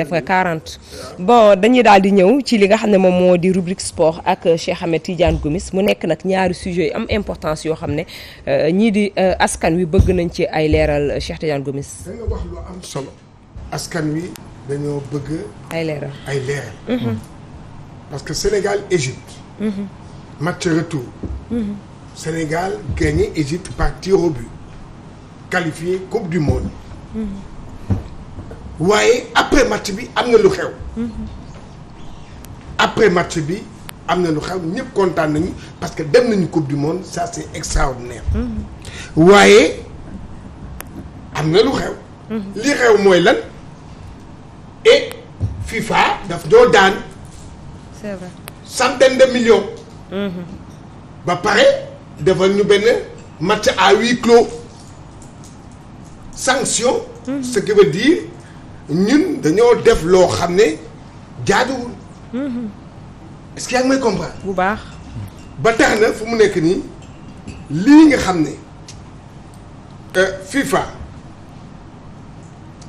def nga 40 dañuy daal di ñëw ci li nga xam ne moom moo di rubrique sport ak Cheikh Ahmed Tidiane Gomis mu nekk nag ñaari sujet yu am importance yoo xam ne euh, ñii di euh, askan wi bëgg nañ ci ay leeral Cheikh Tidiane Gomis da wax lu am solo askan wi dañoo bëgg ay leeral ay mm-hmm. parce que Sénégal Égypte mm-hmm. match retour mm-hmm. Sénégal gagné Égypte par tir au but Coupe du Monde waaye après match bi am na lu xew. après match bi am na lu xew ñëpp kontaan nañu parce que dem nañu coupe du monde ça c'est extraordinaire. waaye am na lu xew. li xew mooy lan et FIFA daf doo daan. c'est vrai centaine de millions. ba pare defal ñu benn match à huis clos sanction. ce qui veut dire. ñun dañoo def loo xam ne jaaduwul. Mhm. est-ce yaa ngi may comprendre. bu baax. ba tax na fu mu nekk nii lii nga xam ne euh, FIFA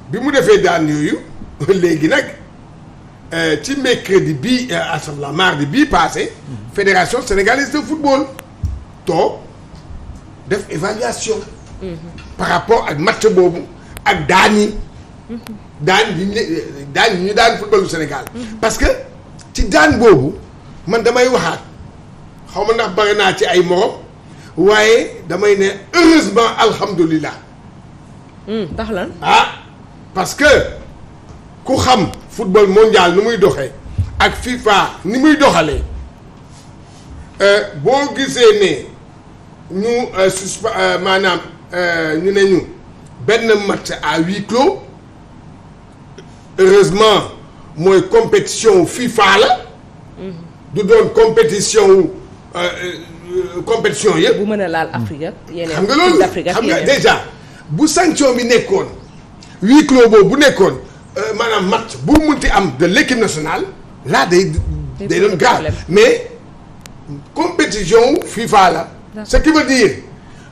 bi mu defee daan yooyu léegi nag euh, ci mercredi bii assemblée euh, mardi bii passé. Mhm. fédération sénégalaise de football toog def évaluation. Mhm. par rapport ak match boobu ak daan yi. daan yi ñu daan ñu daan footballu Sénégal. parce que ci daan boobu man damay waxaat xaw ma ndax bare naa ci ay morom waaye damay ne heureusement alhamdulilah. tax hmm, lan ah parce que ku xam football mondial ni muy doxee ak FIFA ni muy doxalee euh, boo gisee ne. ñu euh, suspe euh, maanaam ñu ne ñu benn match à huis clos heureusement mooy compétition FIFA la. du doon compétition wu euh, euh, compétition yëpp. bu mën a laal Afrique mm. xam nga loolu xam nga déjà bu sanction bi nekkoon huis clos boobu bu nekkoon euh, maanaam match bu munti am de l'équipe nationale là day. day doon grave mais compétition FIFA la. ce qui veut dire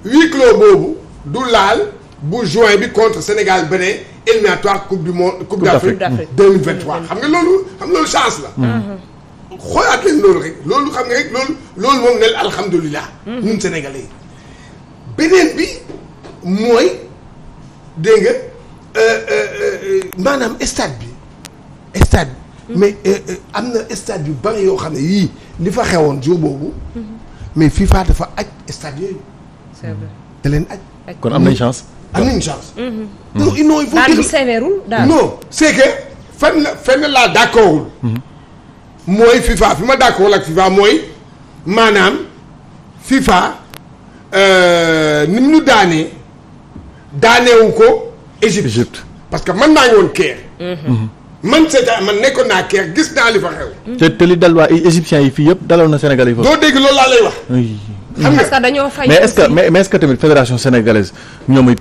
huis clos boobu du laal bu juin bi contre Sénégal benee éliminatoire coupe du monde coupe d'Afrique 2023 xam nga loolu xam nga loolu chance la mm-hmm. xoolaat leen loolu loolu xam nga rek loolu loolu moom nel alhamdulilah mm-hmm. ñun sénégalais yi beneen bi mooy dégg nga euh, euh, euh, maanaam stade bi stade mm-hmm. mais am na stade yu bari yoo xam ne yii li fa xewoon jour boobu mais FIFA dafa aj stade yooyu da leen aj kon am nañ chance am nañ chance. non non il faut que. daal non c'est que fenn laa d'accordul. Mhm. mooy FIFA fi ma d'accord ak FIFA mooy maanaam FIFA euh, ni mu ñu daanee daaneewu ko Égypte. Égypte parce que man naa ngi woon man seetaan man nekkoon naa keex gis naa li fa xew. te te li dal waa égyptiens yi fii yëpp daloon na Sénégal yi fa. loolu laa lay wax. xam nga est-ce tamit fédération sénégalaise ñoom it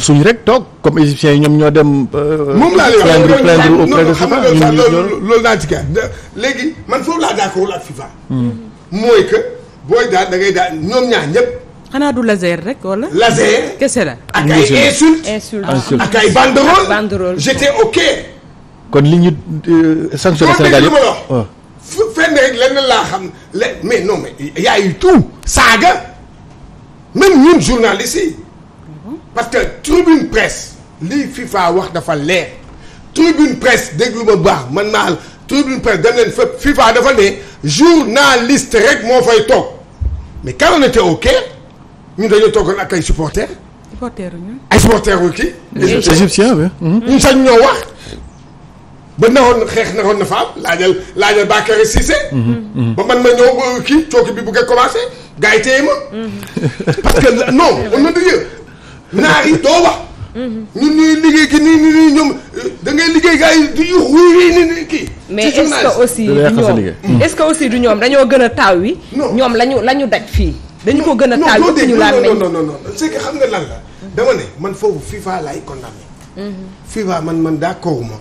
suñ rek toog comme égyptiens yi ñoom ñoo dem. Euh, moom laa lay wax plaindre auprès de FIFA ñun loolu laa ci gaa léegi man foofu laa d'accord ak FIFA. Hmm. mooy que booy daal da ngay daal ñoom ñaar ñëpp. xanaa du laser rek wala. laser kese la. ak ay insultes insultes ak kon li ñu euh, sanctionné Sénégal yëpp waaw fenn rek lenn laa xam le mais non mais y a eu tout saaga même ñun journalistes yi parce que tribune presse lii FIFA wax dafa leer tribune presse déglu ma baax man naa tribune presse dem leen fépp FIFA dafa ne journaliste rek moo fay toog mais quand on ñu au Caire ñun toogoon ak ay supporters. supporters ñun. ay supporters wu kii. ñoo wax. ba naxoon na xeex naxoon na fa am laajal laajal Bakary Cissé. ba man ma ñëw euh, kii cooki bi bu nga commencé gars ma. parce non on a dit naar yi doo wax. Mm-hmm. ñun ñuy liggéey ki nii nii ñoom euh, da ngay liggéey gars yi du ñu wuyu nii kii. mais mm. est-ce que aussi du ñoom est-ce que aussi du dañoo gën a taaw wi. ñoom la ñu la ñu daj fii. dañu ko gën a taal yëpp ñu laal non non non non c'est que xam nga lan la. dama ne man foofu FIFA laay condamné. Mm-hmm. FIFA man man d'accord ma.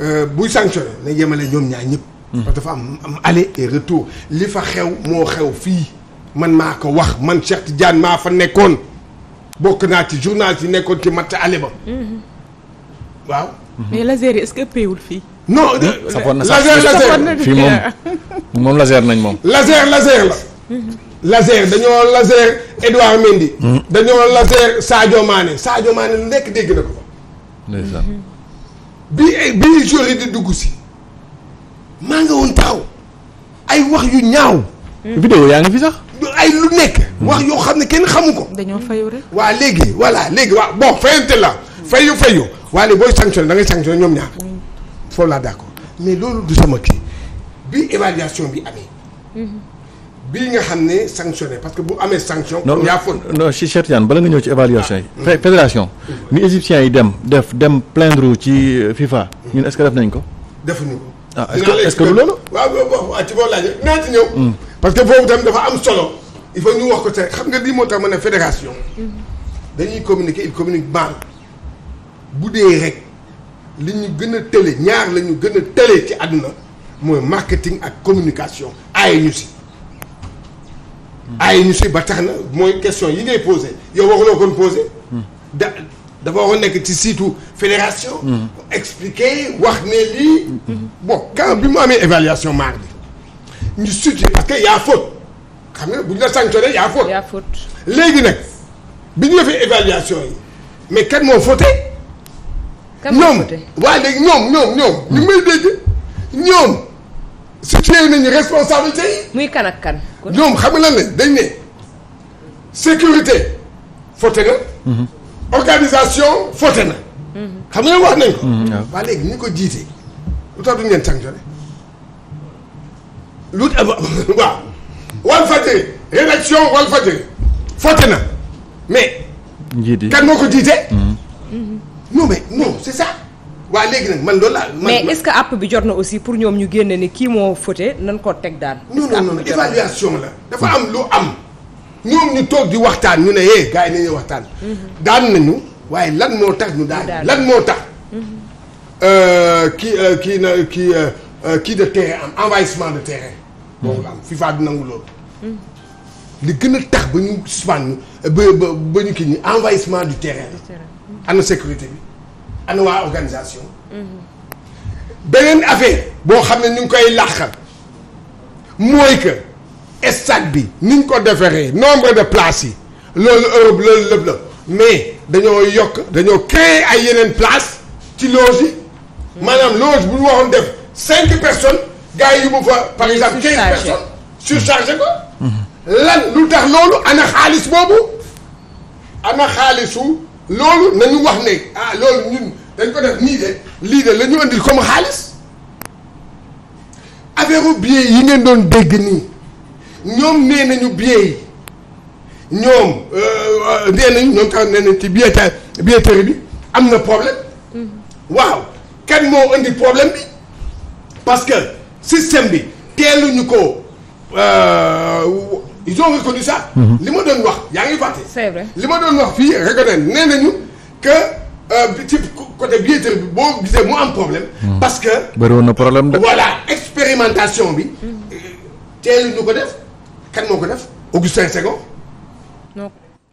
Euh, buy sanctionné na yemale ñoom ñaar ñëpp. Hmm. parce que am am aller et retour li fa xew moo xew fii man maa ko wax man Cheikh Tidiane maa fa nekkoon bokk naa ci journaliste yi nekkoon ci matt ale ba. Hmm. waaw. Hmm. laser yi ce que payewul fii. non safoon na sax moom ah. moom laser nañ moom. laser laser la. laser dañoo laser Edouard Mendy. dañoo laser Sadio Mané lu nekk dégg na ko. ndeysaan. bi ay bi joueurs yi di dugg si maa nga woon taaw ay wax yu ñaaw. bi mm. vidéo yaa ngi fi sax. ay lu nekk. Mm. wax yoo xam ne kenn xamu ko. dañoo fayu rek. waa léegi voilà léegi waa bon fayante la. fayu fayu waa léegi booy sanctionné dangay ngay ñoom ñaar. foofu laa d'accord mais loolu du sama kii bi évaluation bi amee. Mm-hmm. bii nga xam ne sanctionné parce que bu amee sanction. non non si Cheikh Tidiane bala nga ñëw ci évaluation yi. fédération. ni égyptiens yi dem def dem plaindre ci euh, FIFA. ñun est-ce que def nañ ko. defuñu ko. ah est-ce que du loolu. waaw waaw waaw ci boo laajee naa ci ñëw. Hmm. parce que foofu tamit dafa am solo. il faut ñu wax ko te xam nga lii moo tax ma a fédération. Hmm. dañuy communiquer il communique mal. bu dee rek li ñu gën a tële ñaar la ñu gën a tële ci àdduna mooy marketing ak communication aaye ñu si. ay ñu si ba tax na mooy question yi ngay posé yow wax waxuloo kon posé da dafa waxoon nekk ci siitu fédération expliquer wax ne lii bon quand bi mu amee évaluation mardi ñu suti parce que yaa faute xam nga bu ñu la sanctionné yaa faute yaa faute léegi nag bi ñu defee évaluation yi mais kan moo fauté ñoom waaye léegi ñoom ñoom ñoom ñu may dégg ñoom situé nañu responsabilité yi muy kan ak kan ñoom xam nga lan lañ dañ ne sécurité fauté na. Mm-hmm. organisation fauté na. Mm-hmm. xam nga wax nañ ko. Mm-hmm. waaw léegi ñu ko jiite lu tax duñ leen sanctionné lu waaw Walfadjri rédaction Walfadjri fauté na mais. njiit yi kan moo ko jiite. non mais non c'est ça. waa léegi nag man loolu laa. mais est-ce que app bi jot na aussi pour ñoom ñu génne ni kii moo fauté nan ko teg daan. est-ce que non non la. Hmm. dafa am lu am. ñoom ñu toog di waxtaan ñu ne eh gars yi nañuy waxtaan. Hmm. daan nañu waaye lan moo tax ñu daan lan moo tax. Hmm. Euh, kii euh, kii na kii euh, kii de terrain am envahissement de terrain. boobu la am FIFA nangu loolu. li gën a tax ba ñu suspendre ba ba ñu kii nii envahissement du terrain la. ana sécurité bi. ana waa organisation. Mhm. beneen affaire boo xam ne ñu ngi koy làq mooy que stade bi niñ ko defaree nombre de places yi loolu Europe loolu lépp la mais dañoo yokk dañoo créer ay yeneen place ci loge yi. Mhm. maanaam loge bu ñu def cinq personnes gars yi yóbbu fa par exemple quinze personnes surchargé ko. Mhm. lan lu tax loolu ana xaalis boobu ana xaalisu loolu nañu wax ne ah loolu ñun. dañ ko def nii de lii de lañu ñu andil comme xaalis affaire billet yi ngeen doon dégg nii ñoom nee nañu billet yi ñoom euh, nee nañu ñoom tax nee nañ ci billet billetterie bi am na problème mhm. waaw kan moo indi problème bi parce que système bi teeluñu ko euh, ils ont reconnu ça. Mhm. li ma doon wax yaa ngi fàtte. li ma doon wax fii reconnaître nee nañu que. Euh, ci côté billetterie bi boo gisee mu am problème. Hmm. parce que. bëriwoon na problème de. expérimentation bi. Hmm. teelu ñu ko def. kan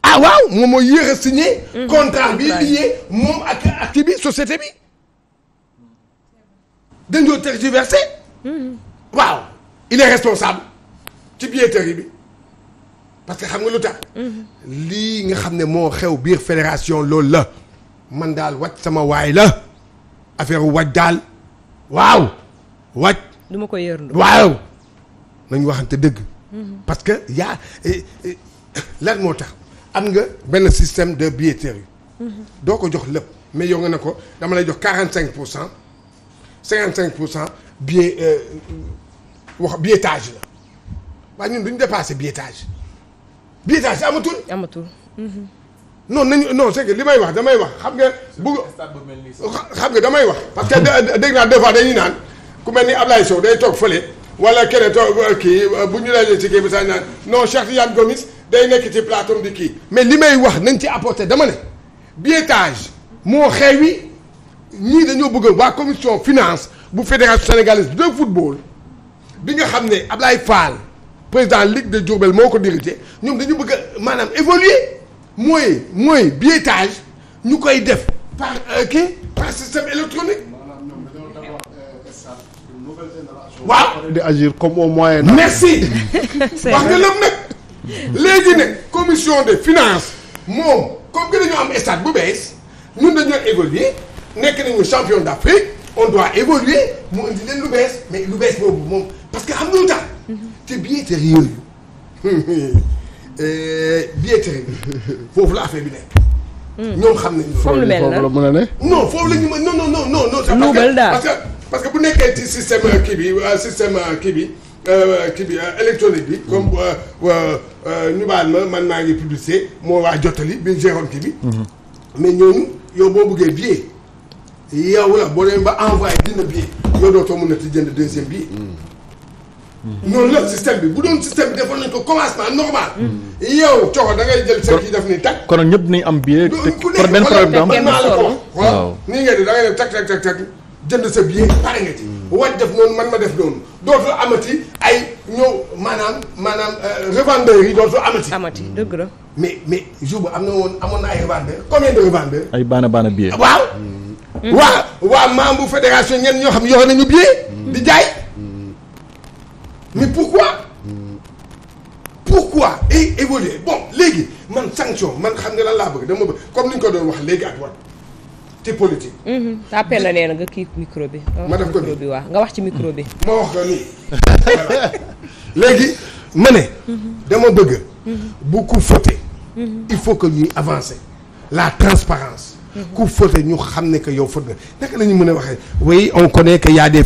ah, waaw moom moo yéex a signé. Hmm. contrat bi lié moom ak ak kii bi société bi. dañoo tergiversé. waaw il est responsable. ci billetterie bi. parce que xam nga lu tax. lii nga xam ne moo xew biir fédération loolu la. man daal wàcc sama waay la affaire wàcc daal waaw wàcc. du ma ko yërndu waaw nañu waxante dëgg. Mhm. parce que yaa eh, eh, lan moo tax am nga benn système de billetterie. Mhm. doo ko jox lépp mais yow nga ne ko dama lay jox quarante cinq pour cent cinquante cinq pour cent billet euh, wax billettage la waaye ñun duñu dépassé billettage billettage amatul. amatul. Mhm. non nañu non c'est que li may wax damay wax xam nga. bugg xam nga damay wax. parce que dégg naa des fois dañuy naan ku mel ni Ablaye Sow day toog fële wala keneen toog euh, kii euh, bu ñu laajee ci kii bi sax naan non Cheikh Tidiane Gomis day nekk ci kii. mais li may wax nañ ci apporté dama ne biétage moo xewi ñii dañoo bëgg waa commission finance bu fédération sénégalaise de football bi nga xam ne Ablaye Fall président ligue de Diourbel moo ko dirigé ñoom dañu bëgg a maanaam évoluer. mooy mooy biétage ñu koy def par euh, kii euh, par système électronique. waaw di agir comme au moyen. merci wax nga lépp nag léegi nag commission des finance moom comme que dañoo am stade bu bees ñun dañoo évoluer nekk nañu champion d'Afrique on doit évoluer mu indi leen lu bees mais lu bees boobu moom parce que am nga lu tax. Mhm. te billetterie yooyu. Euh, billetterie bi foofu la affaire bi nekk. Hmm. ñoom xam nañu. foofu lu mel la foofu la mën a ne. non foofu la ñu mën non non non non. luubal daal parce que parce que bu nekkee ci système euh, kii bi euh, système kii bi kii bi électronique bi. comme hmm. ñu baal ma man maa ngi publicité moo waa jottali bi géroon kii bi. Hmm. mais ñooñu yow boo bëggee billet yow la boo demee ba envoyé dina billet yow dootoo mën a ti jënd deuxième billet. noonu la système bi bu doon système bi defoon nañ ko commencement normal. yow coxo da def ni tag. kon ñëpp nañ am billet. te benn problème du am waaw nii ngay di da def tag tag tag jënd sa billet pare nga ci. wañ def noonu man ma def noonu dootul amati ay ñëw maanaam maanaam euh, revendeurs yi dootul amati. amati dëgg la. mais mais jour bu am na woon amoon na ay revendeurs combien de revendeurs. ay baana baana billet. waaw. Hmm. waa waa membre fédération ñenn ñoo xam yore nañu billet. di jaay. mais pourquoi pourquoi et évoluer bon léegi man sanction man xam nga la laa bëgg dama bëgg comme ni ñu ko doon wax léegi ak wat ci politique. Mm-hmm. appel la nee na nga kii micro bi. ma def ko micro bi waaw nga wax ci micro bi. ma wax ko nii léegi ma ne. Mm-hmm. dama bëgg. bu ko fëte. il faut que ñuy avancer la transparence ku faute ñu xam ne que yow faute na naka la ñu mën a waxee oui on connaît que y a des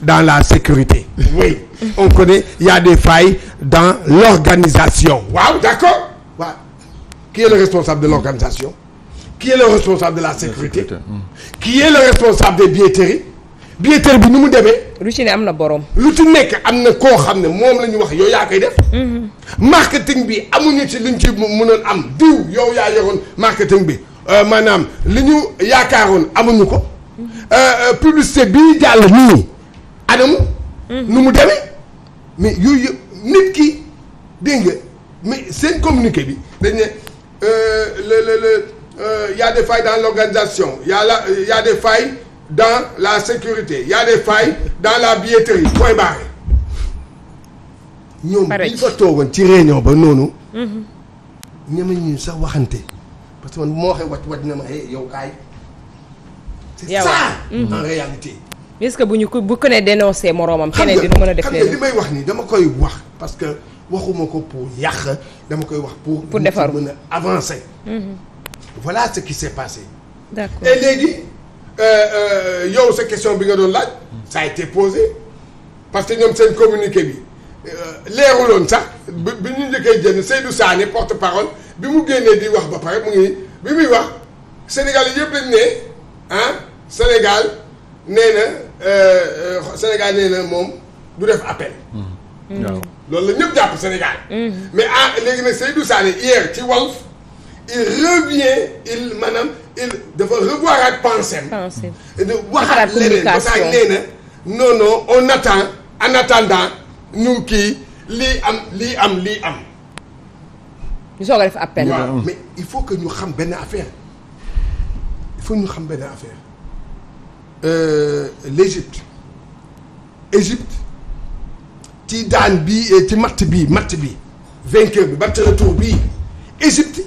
dans la sécurité oui on connaît y a des failles dans l'organisation waaw d'accord waaw qui est le responsable de l'organisation qui est le responsable de la sécurité qui est le responsable des billetteries billetterie bi ni mu demee. lu ci am na borom. lu ci nekk am na koo xam ne moom la ñu wax yow yaa koy def. Mhm. marketing bi amuñu ci luñ ci mënoon am diw yow yaa yoroon marketing bi. Euh, maanaam li ñu yaakaaroon amuñu ko euh, euh, publicité bii jàll nii anamu hmm. nu mu demee mi yooyu yëpp nit ki dégg nga mais seen communiqué bi dañ ne le le le y a des failles dans la y a des failles dans la sécurité y a des failles la billetterie point barre ñoom bi ñu fa toogoon ci réunion ba noonu hmm. ñemañ ñu sax waxante parce que man bu ma waxee wàcc wàcc na ma eh yow kaay. c'est ça en mhm. réalité. mais est-ce que bu ñu ko bu ko nee dénoncé moroomam. keneen dina mën a def li may wax nii dama koy wax parce que waxuma ko pour yàq dama koy wax pour. pour defar mën a avancer. Mhm. voilà ce qui s'est passé. d'accord et léegi euh, euh, yow sa question bi nga doon laaj. ça parce que ñoom seen communiqué bi euh, leeruloon sax bi bi ñu njëkkee jënd Seydou Sané porte-parole. bi mu génnee di wax ba pare mu ngi bi muy wax Sénégal yëpp ne ah Sénégal nee na euh, euh, Sénégal nee moom du def appel. waaw mm-hmm. loolu la ñëpp jàpp Sénégal. Mm-hmm. mais ah léegi nag Seydou Sané hier ci Walf il revient il maanaam il dafa revoir ak pensem. pensem waxaat leneen ba saa nee na non non on attendant ñu kii lii am lii am lii am. ñu soog a def appel. mais il faut que ñu xam benn affaire il faut xam benn affaire euh, l'Égypte Égypte ci daan bi ci matt bi matt bi vainqueur bi batt retour bii Égypte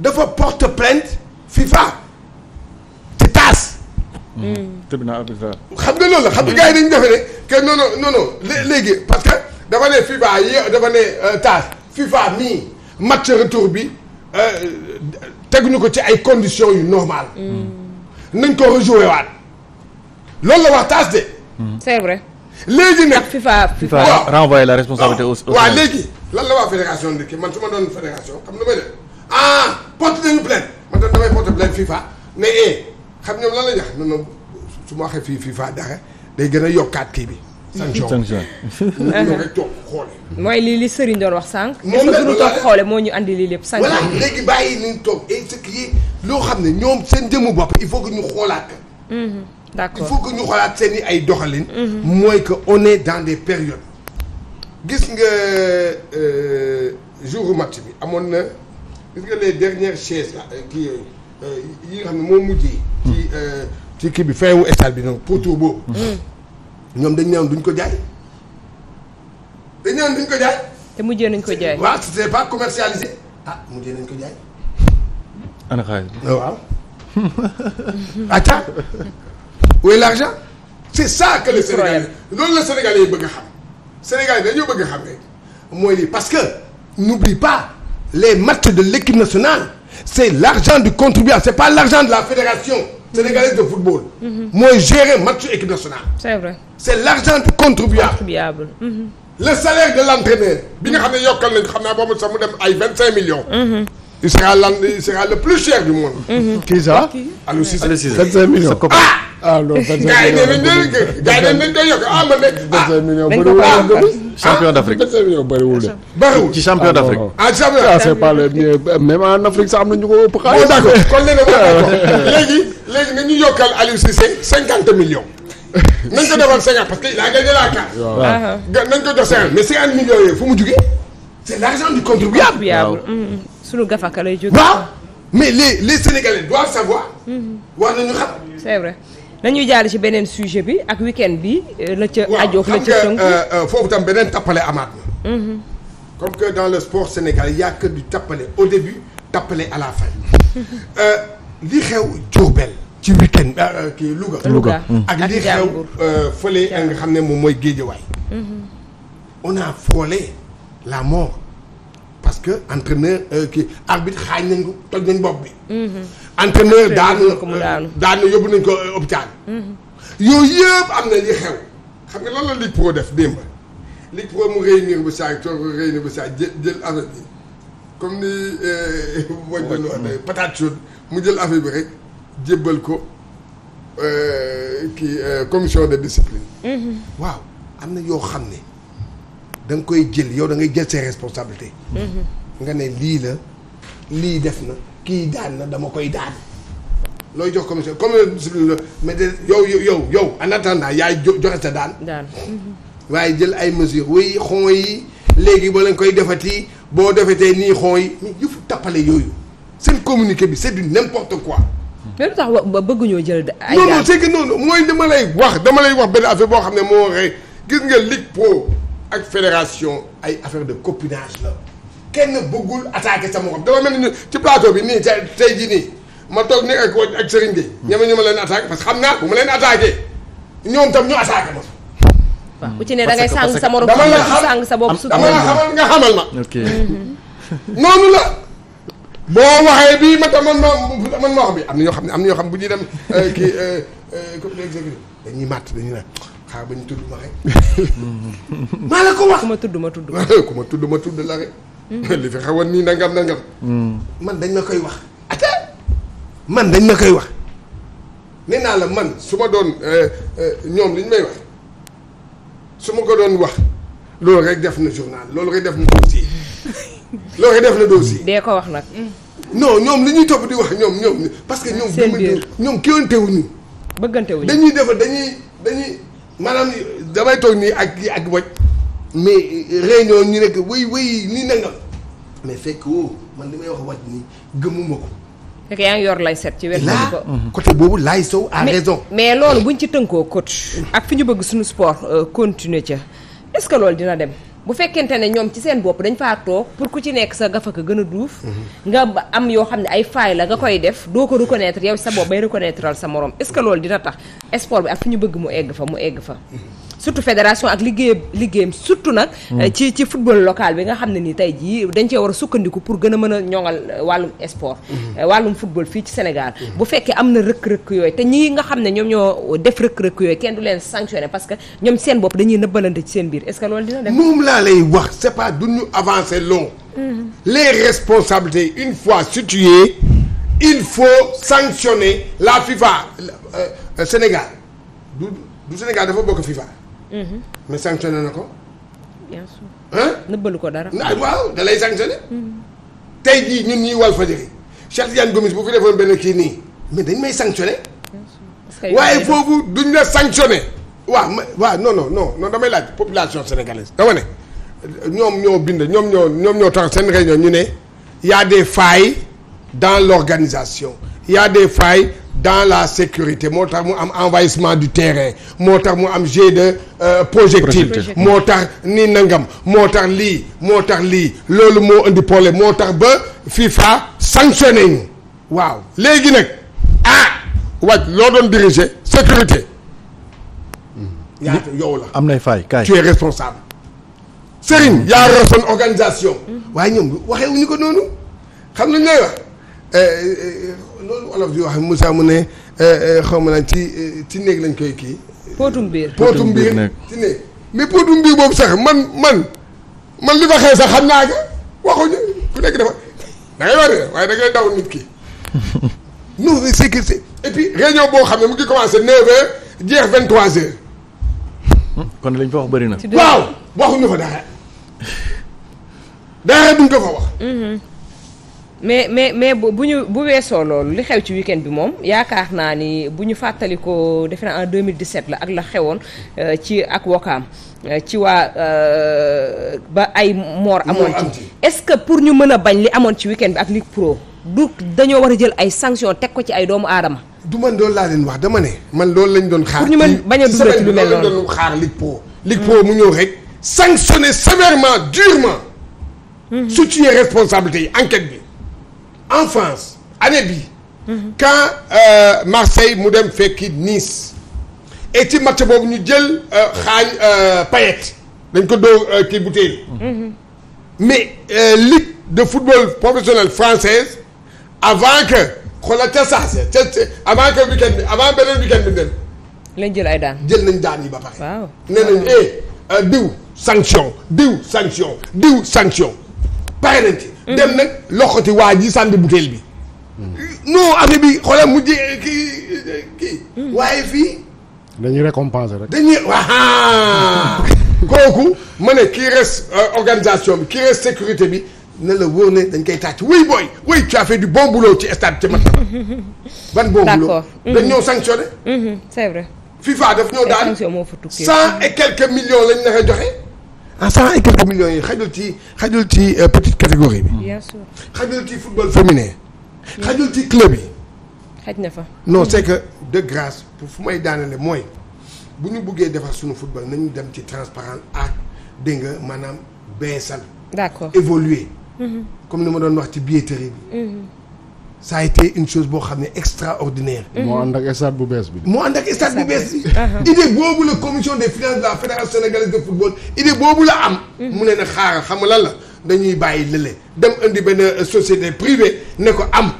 dafa porte plainte FIFA ci taas. Hmm. xam nga loolu la xam nga gars yi dañu defe ne que non non léegi parce que dafa ne FIFA yi dafa ne euh, taas FIFA mii. match retour bi euh, teguñu ko ci ay conditions yu normal mm. nañ ko rejoué waat loolu la wax taas de. Mm. c'est vrai. léegi nag FIFA FIFA renvoyé la responsabilité ah, au waa léegi lan la waa fédération di kii man su ma doon fédération xam lu may def ah porte nañu plainte man tam damay porte plainte FIFA ne eh xam ñoom lan la ñu wax su ma waxee fii FIFA dara day gën a yokkaat kii bi. sanction sanction. ñu rek toog xoole. mooy lii li Serigne doon wax sànq. moom la ñu toog xoole moo ñu andi lii lépp. sanction voilà léegi bàyyi nañ toog et ce qui loo xam ne ñoom seen jëmu bopp. il faut que ñu xoolaat. Mhm, d' il faut que ñu xoolaat seen i ay doxalin. Mhm. mooy que on est dans des périodes. gis nga euh, jour match bi amoon na gis nga les dernières chaises là euh, kii yooyu euh, yi xam ne moo mujjee. Hmm. ci ci kii bi fin wu stade bi noonu poteau boobu. Hmm. ñoom dañ naan duñ ko jaay dañ naan duñ ko jaay. te mujjee nañ ko jaay. waaw c'est pas commercialisé ah mujjee nañ ko jaay. ana xaalis ah, waaw. attends où est l'argent c'est ça que le Sénégalais loolu la Sénégalais yi bëgg a xam Sénégalais dañoo bëgg a xam rek parce que n'oublie pas les matchs de l'équipe nationale c'est l'argent du contribuable c'est pas l'argent de la fédération sénégalaise de football. Mhm. mooy gérer match équipe nationale. c'est vrai c'est l'argent du contribuable. Mhm. le salaire de l'entraîneur. bi nga xam ne yokkal nañ xam naa boobu sax mu dem ay vingt cinq millions. Mhm. il sera lan il sera le plus cher du monde. kii ça Aliou Cissé vingt cinq millions ah. ah loolu vingt cinq millions gars yi ne nañ doon yokk ah man de. vingt cinq ah! millions champion ah, d'Afrique bëriwul de bëriwul ci champion d'Afrique ah, ah, ah champion ah c'est pas Afrique sax am na ñu ko ëpp xaalis oh, d'accord kon léegi léegi léegi nañu yokkal Aliou Cissé cinquante millions nañ ko defal cinquante parce que il a gagné la CAN nañ ko jox cinquante mais cinquante millions yooyu fu mu jugee c'est l'argent du contribuable mm, mm. sunu gafaka lay jóge waaw mais les les Sénégalais doivent savoir mm, war nañu xam c'est vrai nañuy jàll ci beneen sujet bi ak weekend bi euh, la ca ajoof la ca tënk euh, euh, foofu tam beneen tappale amaat na mhm. comme que dans le sport sénégalais y a que du tappale au début tappale à la fin li xew Diourbel ci weekend kii Louga Louga mm. ak li xew fële nga xam ne moom mooy Guédiawaye mhm. on a frôlé la mort parce que entraîneur euh, kii arbitre xaañ nañ ko toj nañ bopp bi. Mhm. entraîneur daan na daan euh, na yóbbu nañ ko euh, hôpital. Mhm. yooyu yëpp am na li xew. xam nga lan la Ligue Pro def démb. Ligue Pro mu réunir bu saa toog réunir bu saa jël jël affaire bi comme ni waj doon wax patate chaude mu jël affaire bi rek jébbal ko kii commission de discipline. Mhm. waaw am na yoo xam ne. danga koy jël yow dangay ngay jël ses responsabilités. Mm-hmm. nga ne lii la lii def na kii daan na dama koy daan. looy jox commission comme mais yow yow yow en attendant yaay joxe sa daan. daan mm-hmm. waaye jël ay mesures wuy xon yi léegi boo leen koy defati boo defetee nii xon yi yu yëfu tappale yooyu seen communiqué bi c'est du n'importe quoi. mais lu tax wa bëgguñoo jël. ay non non c'est que noonu mooy dama lay wax dama lay wax benn affaire boo xam ne moo waxee gis nga Ligue ak fédération ay affaire de copinage la kenn bëggul attaqué sa morom dafa mel ni ci plateau bi nii se tey jii nii ma toog ne ak ak Serigne Gueye. Hmm. ñeme ñu ma leen attaqué parce que xam naa bu ma leen attaqué ñoom tam ñu attaqué ma. waaw ci ne hmm. da sàng sa morom. dama la sàng sa bopp dama la xamal nga xamal ma. ok hmm. noonu la. boo waxee bii ma tam man ma man ma wax bi am na ñoo xam ne am na ñoo xam bu ñuy dem euh, kii euh, euh, dañuy màtt dañuy naan. xaar ba ñu tudd ma rek. maa la ko wax ku ma tudd ma tudd. ku ma tudd ma tudd la rek. Hmm. li fi xawoon nii nangam nangam. Hmm. man dañ ma koy wax. ate man dañ ma koy wax. nee naa la man su ma doon eh, eh, ñoom li ñu may wax su ma ko doon wax loolu rek def na journal loolu rek def na dossier loolu rek def na dossier. dee ko wax nag. non ñoom li ñuy topp di wax ñoom ñoom parce que ñoom. seen biir ñoom kéwante wuñu. bëggante wuñu dañuy maanaam damay toog nii ak kii ak waj mais réunion ñu nekk wéy wéy nii nangam mais fekk woo man li may wax waj nii gëmuma ko. fekk yaa ngi yor lay set ci wetu ko côté boobu laay sow à raison. mais loolu ñu ci tënkoo coach. ak fi ñu bëgg suñu sport euh, continuer ca est que loolu dina dem. bu fekkente ne ñoom ci seen bopp dañ faa toog pour ku ci nekk sa gafaka gën a duuf. nga am yoo xam ne ay faay la nga koy def doo ko reconnaître yow sa bopp bay reconnaître sa morom est-ce que loolu dina tax sport bi ak fi ñu bëgg mu egg fa mu egg fa. surtout fédération ak liggéey liggéeyam surtout nag. Mm. Euh, ci ci football local bi nga xam ne ni tey jii dañ cee war a sukkandiku pour gën a mën a ñoŋal euh, wàllum sport. Mm-hmm. Euh, wàllum football fii ci Sénégal. Mm-hmm. bu fekkee am na rëkk-rëkk yooyu te ñii nga xam ne ñoom ñoo def rëkk-rëkk yooyu kenn du leen sanctionné parce que ñoom seen bopp dañuy nëbbalante ci seen biir est-ce que loolu dina dem. moom laa lay wax c'est pas du ñu avancer long. Mm-hmm. les responsabilités une fois situées il faut sanctionner la FIFA euh, euh, Sénégal du Mhm. mais sanctionné na ko. bien sûr ah. nëbbalu ko dara. ah waaw da lay sanctionné. Mhm. tey jii ñun ñuy wal Walfadjri Cheikh Tidiane Gomis bu fi defoon benn kii nii mais dañ may sanctionné. waaye foofu duñ la sanctionné. waaw ma waaw non non non damay laaj population sénégalaise dama ne ñoom ñoo bind ñoom ñoo ñoom ñoo tax seen réunion ñu ne y a des failles dans l'organisation. y a des failles dans la sécurité moo tax mu am envahissement du terrain moo tax mu am jet de euh, projectile moo tax ni nangam moo tax lii moo tax lii loolu moo indi problème moo tax ba FIFA sanctionné ñu waaw léegi nag ah wàcc loo doon diriger sécurité ñaata hmm. yow la am nay failles kaay tu es responsable Serigne hmm. yaa ron son organisation hmm. waaye ñoom waxeewuñu ko noonu xam nañ lay wax Eh, eh, eh, loolu wolof di wax Moussa mu ne xaw ma naan ci ci néeg lañ koy kii. pootum biir pootum biir ci néeg mais pootum biir boobu sax man man man li fa xew sax xam naa ko waxuñu ku nekk dafa da ngay wax waaye da ngay nit ki non c'est que c'est et xam ne mu ngi commencé 9h jeex 23 kon lañ fa wax bëri na. waaw waxuñu fa dara dara duñ ko fa wax. Mm-hmm. mais mais mais bu ñu bu weesoo loolu li xew ci week bi moom yaakaar naa ni bu ñu fàttali ko defe naa en 2017 la ak la xewoon euh, ci ak Wakaam euh, ci waa euh, ba ay moor amoon ci est-ce que pour ñu mën a bañ li amoon ci week-end bi ak Ligue Pro du dañoo war a jël ay sanctions teg ko ci ay doomu aadama du man loolu laa leen wax dama ne man loolu lañ doon xaar pour ñu mën bañ a lu mel noonu doon xaar Ligue Pro hmm. Ligue Pro mu ñëw rek sanctionner sévèrement durement hmm. soutenir responsabilité yi enquête bi en France année bi quand euh, Marseille mu dem fekki Nice e ci match boobu ñu jël euh, xaañ euh, Payet dañ ko dóor euh, kii bouteille mais euh, ligue de football professionnel française avant que xoolal ca saase ca avant que week-end bi avant beneen week-end bi dem lañ jël ay daan jël nañ daan yi ba pare waaw nee nañ eh diw sanction diw sanction diw sanction pare nañ ci Mm-hmm. dem nag loxoti waa ji sànni butéel bi. Mm-hmm. non affaire bi xoola mujj kii ki mm-hmm. waaye fii. dañuy récompenser rek. dañuy waaw kooku ma ne kii res euh, organisation bi kii sécurité bi ne la wóor ne dañ koy tàcc wuy booy wuy tu as fait du bon ci stade ca Matam. ban bon boulot dañ ñëw sanctionné. c'est vrai. FIFA daf ñëw daal cent et quelques millions lañ naka joxe. à ah, cent et quelques millions yi xajul ci xajul ci euh, petite catégorie bi. Mm. bien sûr xajul ci football féminin. Mm. xajul ci club yi. xaj na fa. non c'est mm. que de grâce pour fu may daanale mooy bu ñu buggee defar suñu football nañu dem ci transparent ak dégg nga maanaam beesal. d'accord évoluer. Mm-hmm. comme ni ma doon wax ci billetterie bi. Mm-hmm. saa a été une chose boo xam ne extraordinaire. moo mhm. ànd ak stade bu bees bi. moo ànd ak stade bu bees bi. idée boobu la commission des finances de la fédération sénégalaise de football idée boobu la am. Mhm. mu ne na xaaral xam nga lan la dañuy bàyyi lële dem indi benn euh, société privée ne ko am.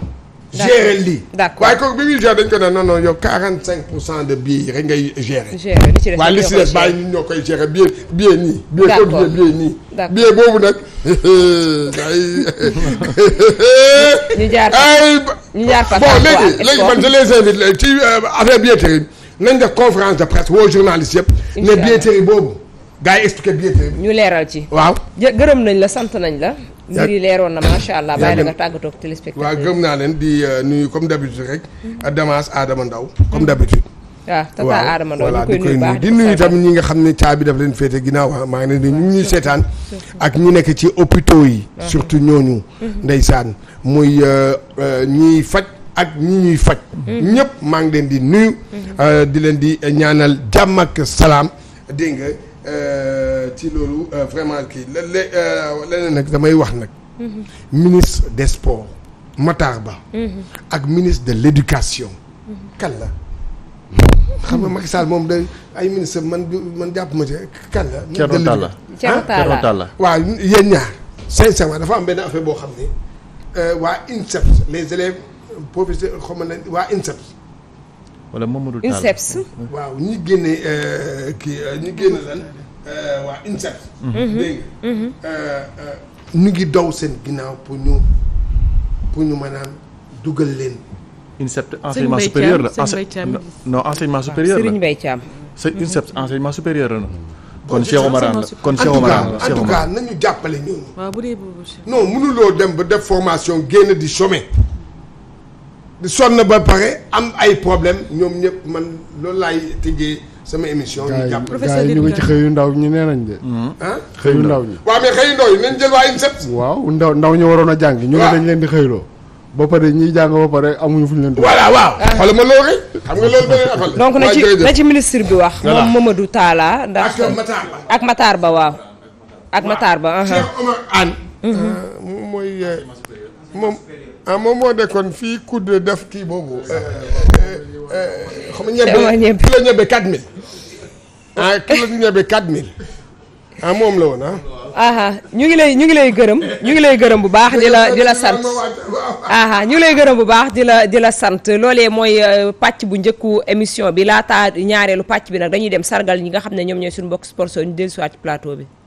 gérer lii. d'accord waaye kooku bi muy gérer dañ cent de ngay gérer. gérer li ci des waaye li ci des bàyyi ñun ñoo koy gérer billet billet nii. d'accord billet billet nii. billet boobu nag. ñu jaar ay ñu jaar fa bon léegi léegi man je les invite ci euh, affaire billetterie nañ def conférence de presse woo journaliste yëpp. incha allah ne boobu gars yi expliqué billetterie. ñu leeral ci. waaw gërëm nañ la sant nañ la. mbir yi leeroon na macha allah bàyyi la nga tàggatoo ak waa waaw naa leen di euh, nuyu comme d'habitude rek. Damas mhm. Adama Ndaw comme d'habitude. Ah, waaw tata Adama Ndaw ñu koy nuyu tamit ñi nga xam ne caa bi daf leen féete ginnaaw maa ngi leen di ñu ñuy seetaan. ak ñu nekk ci hôpitaux yi. Ah. surtout ñooñu. Mhm. ndeysaan muy euh, euh, ñuy faj. ak ñi ñuy faj. Mhm. ñëpp maa ngi leen di nuyu. di leen di ñaanal jàmm ak salaam dégg nga. Euh, ci loolu euh, vraiment kii lé euh, leneen nag damay wax nag. ministre des sports Matar Ba. ak ministre de l'éducation. kan la. xam nga Macky Sall moom day ay ministre man man jàpp ma ci kan la. Thierno la Thierno Talla waaw yéen ñaar sincèrement dafa am benn affaire boo xam ne waa INSEP les élèves professeurs xaw waa INSEP. wala Mamadou Tall INSEPS. waaw ñi génne euh, kii euh, ñi génne lan euh, waa INSEPS. Mhm. dégg nga. Mhm. ñu ngi dow seen ginnaaw pour ñu pour ñu maanaam dugal leen. INSEPS enseignement supérieur la non enseignement ah, supérieur la Serigne Mbaye Thiam. c'est mhm. INSEPS enseignement supérieur la kon Cheikh Oumar la kon Cheikh Oumar la en tout cas nañu jàppale ñooñu. waaw bu dee boobu non mënuloo dem ba def formation génn di chômer. di sonn ba pare am ay problème ñoom ñëpp man loolu laay tëjee sama émission. ñu jàpp professeur ñu ngi ci xëyu ndaw ñi nee nañ de. Hmm. xëyu ndaw ñi. waaw ndaw ndaw ndaw ñu waroon a jàng. ñu ne dañ leen di xëyloo. ba pare ñiy jàng ba pare amuñu fu ñu leen. voilà waaw ah. xoolal xam nga loolu beneen affaire la. donc na ci na ci ministre bi wax. voilà moom Mamadou Talla. ndax ak Matar Ba. waaw. ak Matar Ba. Uh-huh. Mm-hmm. Euh, moom. Euh, ah moom moo nekkoon fii kudd def kii boobu. Euh, euh, euh, xam nga ñebe kilo ñebe 4000. ah kilo ñebe 4000. Ah, moom la woon ah. ñu ngi lay ñu ngi lay gërëm ñu ngi lay gërëm bu baax di la di sant. ñu lay gërëm bu baax di la di la sant loolee mooy pàcc bu njëkku émission bi laataa ñaareelu pàcc bi nag dañuy dem sargal ñi nga xam ne ñoom ñooy suñu mbokk sponsor ñu dellusiwaat ci plateau bi.